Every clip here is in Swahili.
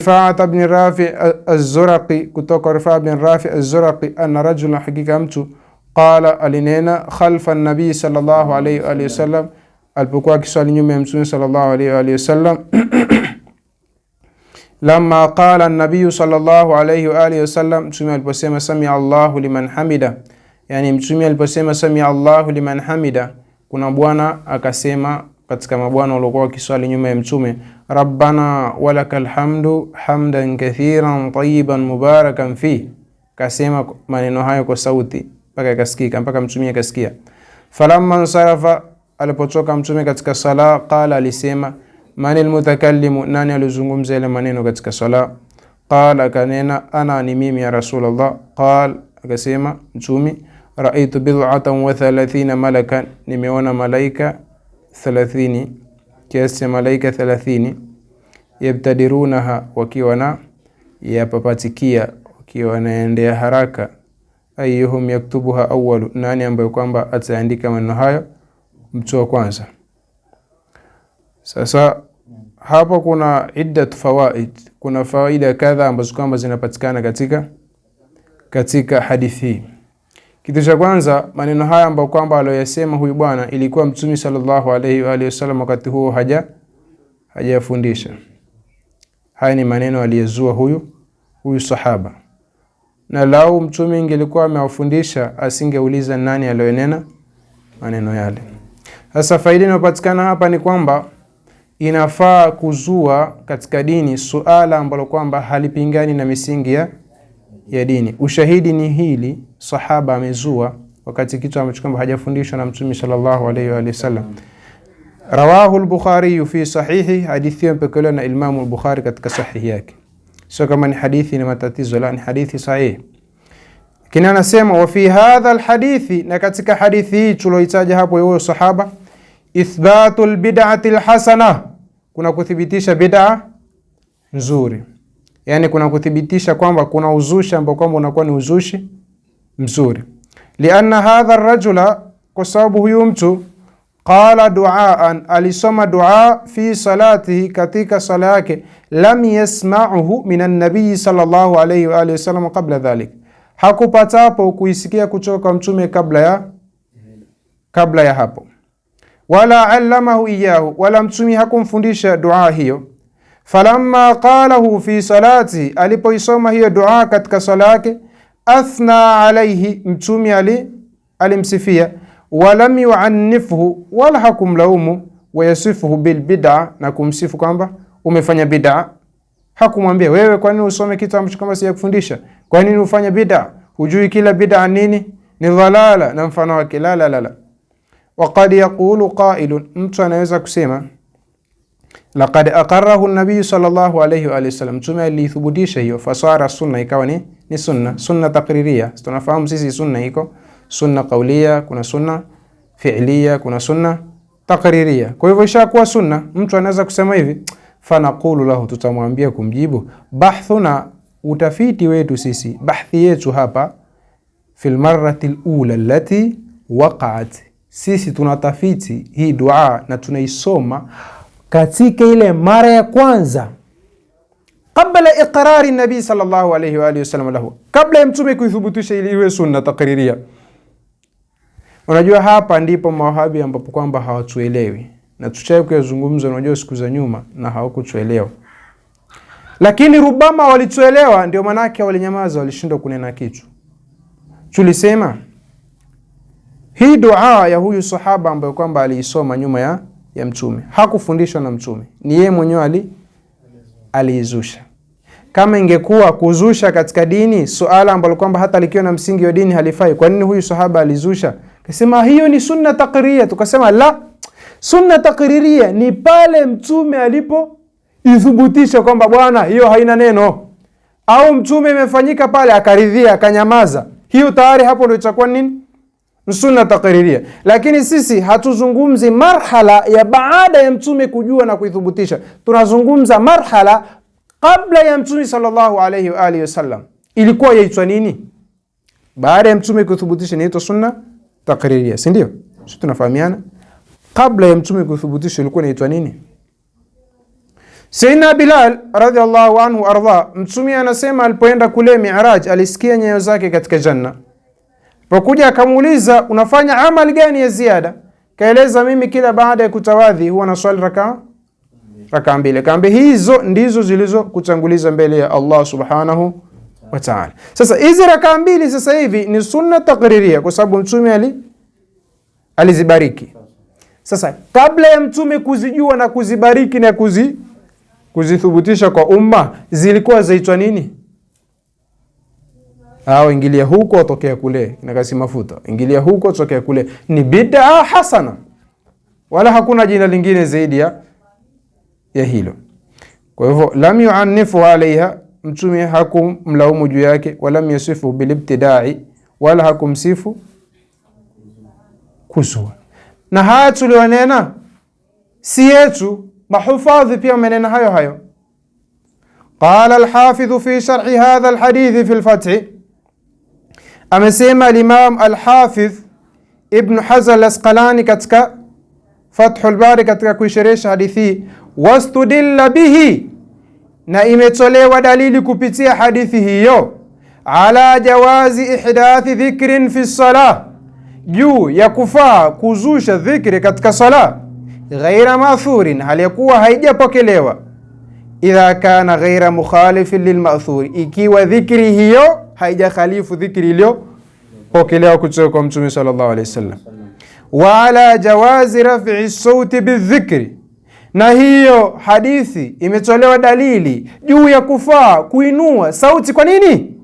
رفاعة بن رافع الزرقي كتوك رفاعة بن رافع الزرقي أن رجل حقيقة أمت قال ألينينا خلف النبي صلى الله عليه وآله وسلم البقوة كسوال يوم صلى الله عليه وآله وسلم لما قال النبي صلى الله عليه وآله وسلم تمي البسيمة سمع الله لمن حمده يعني تمي البسيمة سمع الله لمن حمده كنا بوانا أكسيمة katika mabwana waliokuwa wakiswali nyuma ya Mtume, rabbana walakal hamdu hamdan kathiran tayyiban mubarakan fi, kasema maneno hayo kwa sauti mpaka ikasikika, mpaka Mtume akasikia. Falamma sarafa, alipotoka Mtume katika sala, qala, alisema manil mutakallimu, nani alizungumza ile maneno katika sala? Qala, kanena ana, ni mimi ya Rasulullah. Qala, akasema Mtume raitu bid'atan wa thalathina malakan, nimeona malaika thalathini, kiasi cha malaika thalathini. Yabtadirunaha, wakiwa na yapapatikia, wakiwa wanaendea haraka. Ayuhum yaktubuha awalu nani ambayo kwamba ataandika maneno hayo? Mtu wa kwanza. Sasa hapo kuna iddat fawaid, kuna faida kadha ambazo kwamba zinapatikana katika katika hadithi hii. Kitu cha kwanza, maneno haya ambayo kwamba aliyosema huyu bwana ilikuwa Mtume sallallahu alaihi wa alihi wasallam wakati huo haja hajafundisha. Haya ni maneno aliyezua huyu huyu sahaba, na lau Mtume ingelikuwa amewafundisha asingeuliza nani aliyonena maneno yale. Sasa faida inayopatikana hapa ni kwamba inafaa kuzua katika dini suala ambalo kwamba halipingani na misingi ya ya dini. Ushahidi ni hili, sahaba amezua wakati kitu ambacho kwamba hajafundishwa na Mtume sallallahu alaihi wa sallam. Rawahu al-Bukhari fi sahihi, hadithi hiyo mpokelewa na Imam al-Bukhari katika sahihi yake. Sio kama ni hadithi ni matatizo, la ni hadithi sahihi. Kina anasema wa fi hadha al-hadithi, na katika hadithi hii tuloitaja hapo yeye sahaba, ithbatul bidati al-hasana, kuna kuthibitisha bid'a nzuri yani kuna kuthibitisha kwamba kuna uzushi ambao kwamba unakuwa ni uzushi mzuri. Lianna hadha rajula, kwa sababu huyu mtu qala duaan, alisoma dua fi salatihi, katika sala yake, lam yasmauhu min annabii sallallahu alayhi wa alihi wasallam qabla dhalik, hakupatapo kuisikia kutoka mtume kabla ya kabla ya hapo. Wala allamahu iyahu, wala mtume hakumfundisha dua hiyo falamma qalahu fi salati, alipoisoma hiyo dua katika sala yake, athna alaihi, mtumi ali alimsifia, walam yuannifhu, wala hakumlaumu, wayasifuhu bilbida, na kumsifu kwamba umefanya bid'a. Hakumwambia wewe, kwa nini usome kitu ambacho kama sijakufundisha? Kwa nini ufanye bid'a? Hujui kila bidaa nini ni dhalala na mfano wake. La, la, la, la. Waqad yaqulu qailun, mtu anaweza kusema Laqad aqarrahu nabiyu sallallahu alayhi wa sallam, wasallam, mtume alithibitisha hiyo. Fasara sunna, ikawa ni ni sunna, sunna takriria. Tunafahamu sisi sunna iko sunna kaulia, kuna sunna fiilia, kuna sunna takririya. Kwa hivyo ishakuwa sunna, mtu anaweza kusema hivi, fanaqulu lahu, tutamwambia kumjibu, bahthuna, utafiti wetu sisi, bahthi yetu hapa, fil marrati al-ula allati waqa'at, sisi tunatafiti hii dua na tunaisoma katika ile mara ya kwanza qabla iqrari nabii sallallahu alayhi wa alihi wasallam lahu, kabla ya mtume kuithubutisha ili iwe sunna takriria. Unajua, hapa ndipo mawahabi ambapo kwamba hawatuelewi na tuchae kuyazungumza, unajua siku za nyuma, na hawakutuelewa lakini rubama walituelewa, ndio maanake walinyamaza, walishindwa kunena kitu. Tulisema hii dua ya huyu sahaba ambayo kwamba aliisoma nyuma ya ya Mtume, hakufundishwa na Mtume, ni yeye mwenyewe ali aliizusha. Kama ingekuwa kuzusha katika dini suala ambalo kwamba hata likiwa na msingi wa dini halifai, kwa nini huyu sahaba alizusha? Kasema hiyo ni sunna takriria. Tukasema la, sunna takriria ni pale Mtume alipo ithubutisha kwamba bwana, hiyo haina neno, au Mtume imefanyika pale akaridhia, akanyamaza, hiyo tayari hapo ndio itakuwa nini sunna takriria. Lakini sisi hatuzungumzi marhala ya baada ya mtume kujua na kuithubutisha, tunazungumza marhala kabla ya mtume sallallahu alayhi wa alihi wasallam ilikuwa yaitwa nini? Baada ya mtume kuthubutisha inaitwa sunna takriria, si ndio? Sisi tunafahamiana, kabla ya mtume kuthubutisha ilikuwa inaitwa nini? Sayyidina Bilal radhiallahu anhu arda, mtume anasema alipoenda kule Mi'raj alisikia nyayo zake katika janna Pokuja akamuuliza unafanya amali gani ya ziada? Kaeleza mimi kila baada ya kutawadhi huwa naswali raka raka mbili. Kaambia hizo ndizo zilizo kutanguliza mbele ya Allah subhanahu wa ta'ala. Sasa hizi raka mbili sasa hivi ni sunna takriria, kwa sababu mtume ali alizibariki. Sasa kabla ya mtume kuzijua na kuzibariki na kuzi kuzithubutisha kwa umma zilikuwa zaitwa nini? au ingilia huko atokea kule, kasi mafuta, ingilia huko atokea kule. Ni bid'a hasana, wala hakuna jina lingine zaidi ya ya hilo. Kwa hivyo lam yu'annifu alaiha, mtume hakumlaumu juu yake, walam yasifu bilibtidai, wala hakumsifu kuzua. Na haya tulionena si yetu, mahufadhi pia wamenena hayo hayo. Qala alhafidhu fi sharhi hadha alhadithi fi lfathi Amesema Alimam Alhafidh Ibnu Hazar Alasqalani katika Fathul Bari katika kuisheresha hadithi, wastudilla bihi, na imetolewa dalili kupitia hadithi hiyo, ala jawazi ihdathi dhikrin fi salah, juu ya kufaa kuzusha dhikri katika sala, ghaira maathurin, halikuwa haijapokelewa, idha kana ghaira mukhalifin lilmathuri ikiwa dhikri hiyo haijakhalifu dhikri iliyopokelewa kutoka kwa Mtume sallallahu alaihi wasallam. Wa ala jawazi raf'i sauti bidhikri, na hiyo hadithi imetolewa dalili juu ya kufaa kuinua sauti. Kwa nini?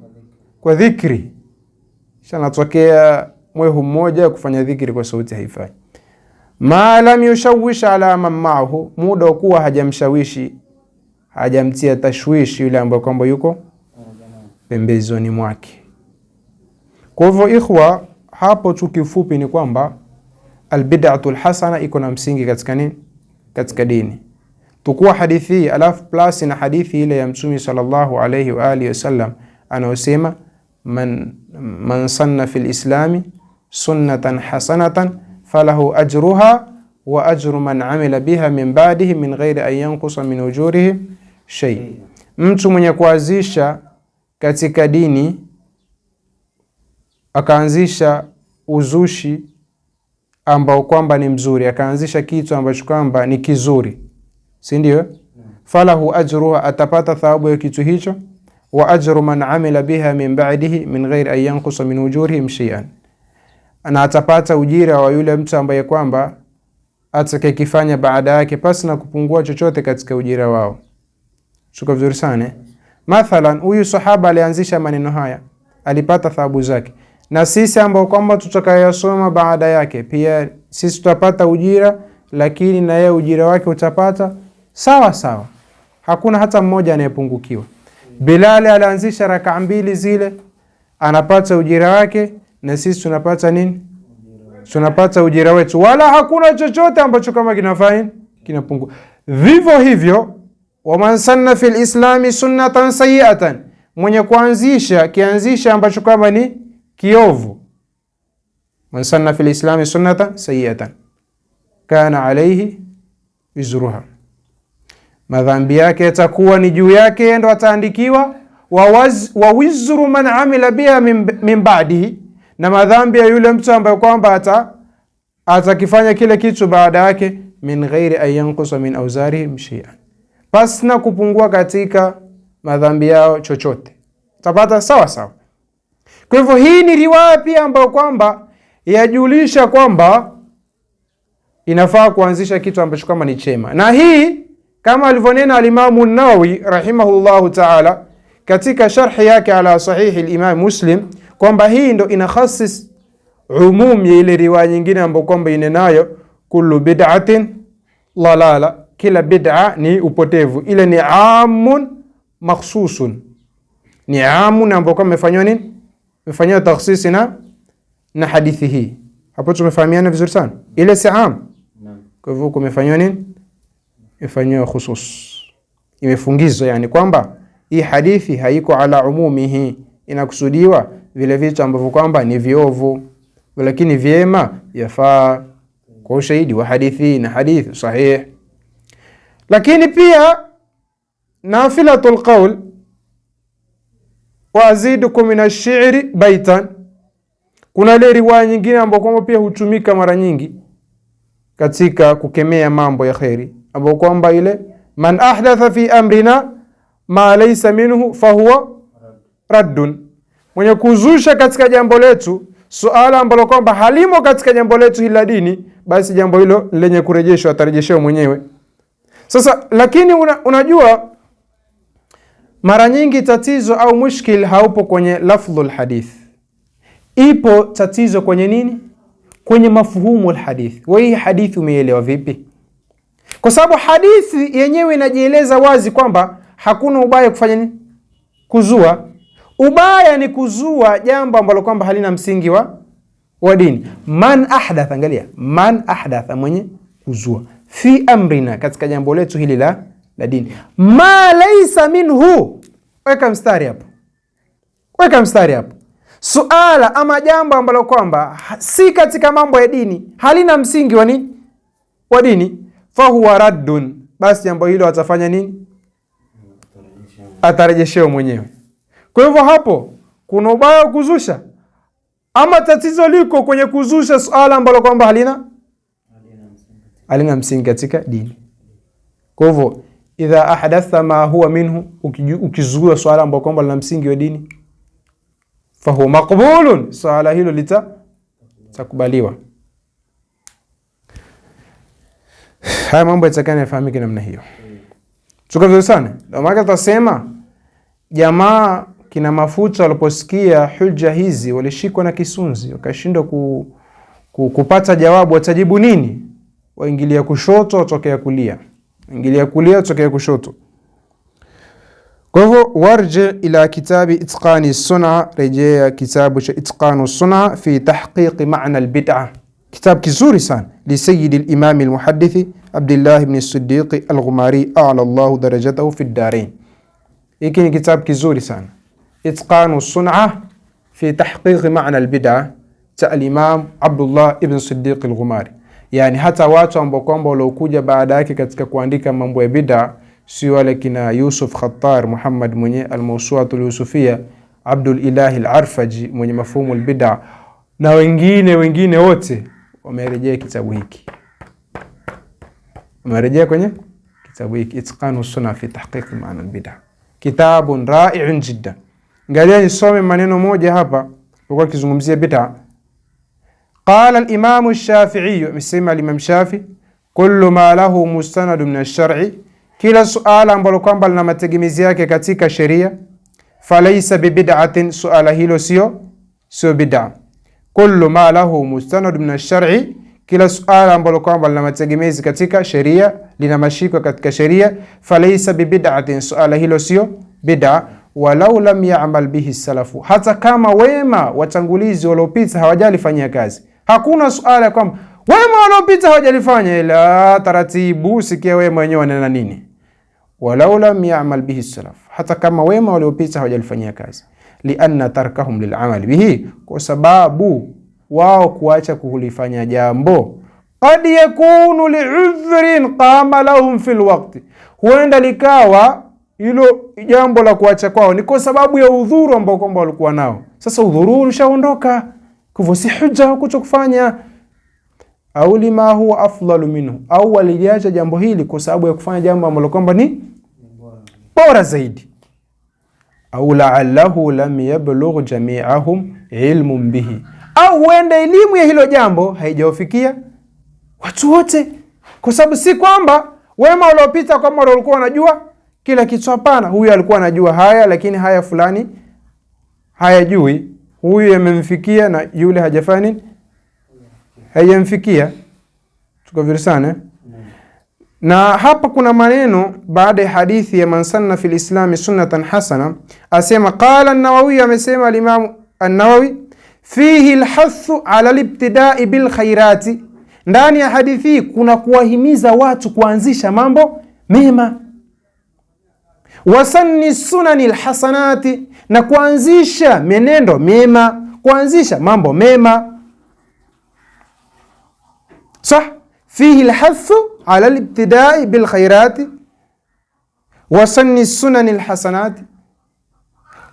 Kwa dhikri. natokea mwehu mmoja kufanya dhikri kwa sauti haifai ma lam yushawish ala man maahu, muda wa kuwa hajamshawishi hajamtia tashwishi yule ambaye kwamba yuko pembezoni mwake. Kwa hivyo, ikhwa, hapo tu kifupi ni kwamba albid'atul hasana iko na msingi katika nini? Katika dini. tukuwa hadithi hii alafu plus na hadithi ile ya Mtume sallallahu alayhi wa alihi wasallam anaosema man, man sanna fi lislami sunnatan hasanatan falahu ajruha wa ajru man amila biha min ba'dihi min ghairi an yanqusa min ujurihi shay, mtu mwenye kuazisha katika dini, akaanzisha uzushi ambao kwamba ni mzuri, akaanzisha kitu ambacho kwamba ni kizuri, si ndio? Falahu ajruha, atapata thawabu ya kitu hicho, wa ajru man amila biha min ba'dihi min ghairi an yanqusa min ujurihim shay'an, na atapata ujira wa yule mtu ambaye kwamba atakayekifanya baada yake pasi na kupungua chochote katika ujira wao. Shuka vizuri sana. Eh? Mathalan, huyu sahaba alianzisha maneno haya, alipata thawabu zake, na sisi ambao kwamba tutakayosoma baada yake pia sisi tutapata ujira, lakini na yeye ujira wake utapata sawa sawa, hakuna hata mmoja anayepungukiwa. Bilali alianzisha rakaa mbili zile, anapata ujira wake, na sisi tunapata nini? Tunapata ujira wetu, wala hakuna chochote ambacho kama kinafaini kinapungua. Vivyo hivyo waman sanna fi lislami sunnatan sayiatan, mwenye kuanzisha kianzisha ambacho kama ni kiovu. Man sanna fi lislami sunnatan sayiatan kana alaihi wizruha, madhambi yake yatakuwa ni juu yake, ndo ataandikiwa. Wa wizru man amila biha min baadihi na madhambi ya yule mtu ambaye kwamba ata atakifanya kile kitu baada yake, min ghairi an yankusa min auzarihim sheian na kupungua katika madhambi yao chochote. Tapata sawa sawa. Kwa hivyo hii ni riwaya pia ambayo kwamba yajulisha kwamba inafaa kuanzisha kitu ambacho kama ni chema, na hii kama alivyonena Alimamu Nawawi rahimahullahu taala katika sharhi yake ala sahihi Limam Muslim kwamba hii ndo inakhasis umum ya ile riwaya nyingine ambayo kwamba inenayo kullu bid'atin lalala kila bid'a ni upotevu. Ile ni amun makhsusun, ni amun ambayo kwa imefanywa nini, imefanywa takhsisi na na hadithi hii. Hapo tumefahamiana vizuri sana, ile si am. Kwa hivyo kumefanywa nini, imefanywa khusus, imefungizwa yani kwamba hii hadithi haiko ala umumihi, inakusudiwa vile vitu ambavyo kwamba ni viovu, lakini vyema yafaa kwa ushahidi wa hadithi na hadithi sahihi. Lakini pia nafilatu lqaul wa azidukum min ashiri baitan, kuna ile riwaya nyingine ambayo kwamba pia hutumika mara nyingi katika kukemea mambo ya kheri, ambayo kwamba ile man ahdatha fi amrina ma laysa minhu fahuwa raddun, mwenye kuzusha katika jambo letu suala ambalo kwamba halimo katika jambo letu hili la dini, basi jambo hilo lenye kurejeshwa atarejeshwa mwenyewe. Sasa lakini una, unajua mara nyingi tatizo au mushkil haupo kwenye lafdhul hadith, ipo tatizo kwenye nini? Kwenye mafuhumu lhadithi Wewe hii hadithi umeielewa vipi? Kwa sababu hadithi yenyewe inajieleza wazi kwamba hakuna ubaya kufanya nini, kuzua ubaya ni kuzua jambo ambalo kwamba halina msingi wa wa dini. Man ahdatha, angalia, man ahdatha, mwenye kuzua fi amrina, katika jambo letu hili la, la dini. Ma laisa minhu, weka mstari hapo, weka mstari hapo. Suala ama jambo ambalo kwamba si katika mambo ya dini, halina msingi wa nini, wa dini, fahuwa raddun, basi jambo hilo atafanya nini? Atarejeshewa mwenyewe. Kwa hivyo hapo kuna ubaya wa kuzusha ama tatizo liko kwenye kuzusha suala ambalo kwamba halina alina msingi katika dini. Kwa hivyo idha ahdatha ma huwa minhu, ukizuia swala ambayo kwamba lina msingi wa dini, fahuwa maqbulun, swala hilo litakubaliwa. Haya mambo yatakana yafahamike namna hiyo. Tuko vizuri sana. Ndio maana tutasema jamaa kina mafuta waliposikia hujja hizi walishikwa na kisunzi, wakashindwa ku, ku, kupata jawabu, watajibu nini? waingilia kushoto, watokea kulia, ingilia kulia, watokea kushoto. Kwa hivyo warji ila kitabi itqani suna, rejea kitabu cha itqanu suna fi tahqiqi maana albid'a, kitabu kizuri sana li lisayidi alimami almuhadithi Abdullah ibn Siddiqi Alghumari ala llahu darajatahu fi ddarain. Hiki ni kitabu kizuri sana itqanu suna fi tahqiqi maana albid'a cha alimam Abdullah ibn Siddiqi Alghumari. yani hata watu ambao kwamba waliokuja baada yake katika kuandika mambo ya bid'a si wale kina Yusuf Khattar Muhammad mwenye Almawsuatul Yusufia, Abdul Ilahi Al-Arfaji mwenye Mafhumu al na wengine wengine wote wamerejea kitabu hiki, wamerejea kwenye kitabu hiki Itqanu Sunna fi Tahqiq maana al-Bid'a, kitabun ra'i'un jiddan. Ngalia nisome maneno moja hapa, kwa kizungumzia bid'a Qala al-Imam shafii amesema al-Imam Shafi, kullu ma lahu mustanadu min ash-shar'i, kila suala ambalo kwamba lina mategemezi yake katika sheria, falaisa bibid'atin, suala hilo sio sio bid'a. Kullu ma lahu mustanadu min ash-shar'i, kila suala ambalo kwamba lina mategemezi katika sheria, lina mashiko katika sheria, falaisa bibid'atin, suala hilo sio bid'a walau lam ya'mal bihi salafu, hata kama wema watangulizi waliopita hawajalifanyia kazi Hakuna suala kwamba wema wanaopita hawajalifanya, ila taratibu. Sikia wema wenyewe wanena nini, walau lam yamal bihi salaf, hata kama wema waliopita hawajalifanyia kazi. Lianna tarkahum lilamal bihi, kwa sababu wao kuacha kulifanya jambo qad yakunu liudhrin qama lahum fi lwakti, huenda likawa hilo jambo la kuacha kwao ni kwa sababu ya udhuru ambao kwamba walikuwa nao. Sasa udhuru ushaondoka kwa hivyo si hujja kufanya au lima huwa afdalu minhu, au waliliacha jambo hili kwa sababu ya kufanya jambo ambalo kwamba ni bora zaidi, au laalahu lam yablugh jami'ahum ilmun bihi, au huenda elimu ya hilo jambo haijawafikia watu wote, kwa sababu si kwamba wema waliopita kwamba walikuwa wanajua kila kitu. Hapana, huyu alikuwa anajua haya, lakini haya fulani hayajui huyu yamemfikia na yule hajafanya nini, haijamfikia. Tuko vizuri sana eh? mm. na hapa kuna maneno baada ya hadithi ya man sanna fil islami sunnatan hasana, asema qala an-Nawawi, amesema al-Imam an-Nawawi, fihi al-hathu ala al-ibtidai bil khairati, ndani ya hadithi hii kuna kuwahimiza watu kuanzisha mambo mema. Wasanni sunani al-hasanati, na kuanzisha menendo mema, kuanzisha mambo mema. Sah fihi lhathu ala libtidai bilkhairati wasanni sunani lhasanati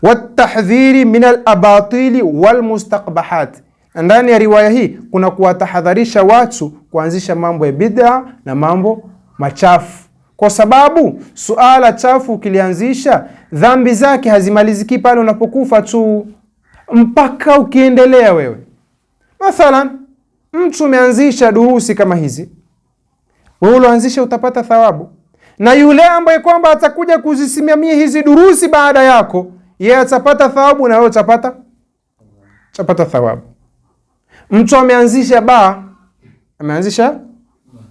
watahdhiri min alabatili walmustakbahat. Ndani ya riwaya hii kuna kuwatahadharisha watu kuanzisha mambo ya bid'a na mambo machafu. kwa sababu suala chafu ukilianzisha, dhambi zake hazimaliziki pale unapokufa tu, mpaka ukiendelea wewe. Mathalan, mtu umeanzisha durusi kama hizi, wewe ulioanzisha utapata thawabu, na yule ambaye kwamba atakuja kuzisimamia hizi durusi baada yako, yeye atapata thawabu na wewe utapata utapata thawabu. Mtu ameanzisha baa, ameanzisha,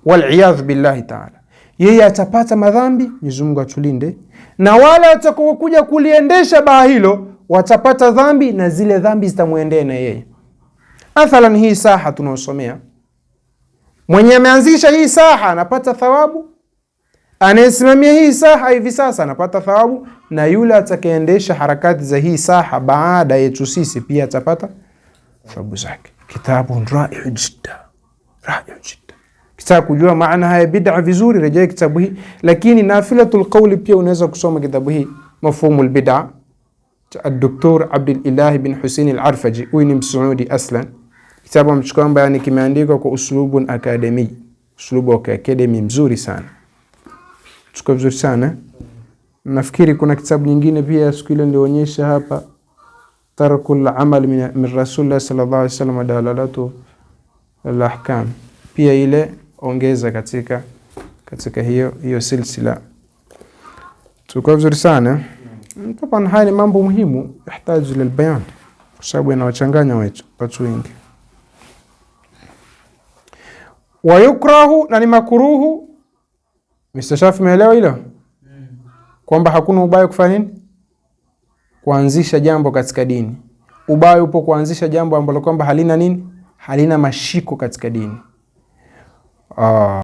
waliyadhu billahi taala yeye atapata madhambi. Mwenyezi Mungu atulinde, na wale watakaokuja kuliendesha baa hilo watapata dhambi na zile dhambi zitamwendea na yeye. Athalan, hii saha tunaosomea, mwenye ameanzisha hii saha anapata thawabu, anayesimamia hii saha hivi sasa anapata thawabu, na yule atakayeendesha harakati za hii saha baada yetu sisi pia atapata thawabu zake. Kitabu raiu jidda, raiu jidda. Sasa kujua maana haya bid'a vizuri, rejea kitabu hii, lakini nafilatul qawli pia unaweza kusoma kitabu hii mafhumul bid'a cha Dr. Abdul Ilahi bin Hussein al-Arfaji. Huyu ni Msuudi aslan. Kitabu amchukua ambaye ni kimeandikwa kwa uslubun akademi, uslubu wa akademi mzuri sana, chukua vizuri sana. Nafikiri kuna kitabu nyingine pia siku ile nilionyesha hapa Tarkul amal min rasulillah sallallahu alaihi wasallam, dalalatu al-ahkam pia ile ongeza katika katika hiyo hiyo silsila. Tuko vizuri sana taban. Haya ni mambo muhimu yahtaju lil bayan, kwa sababu yanawachanganya watu wengi. Wayukrahu, na ni makuruhu. Mr. Shafi, umeelewa hilo kwamba hakuna ubaya kufanya nini, kuanzisha jambo katika dini. Ubaya upo kuanzisha jambo ambalo kwamba halina nini, halina mashiko katika dini. 啊。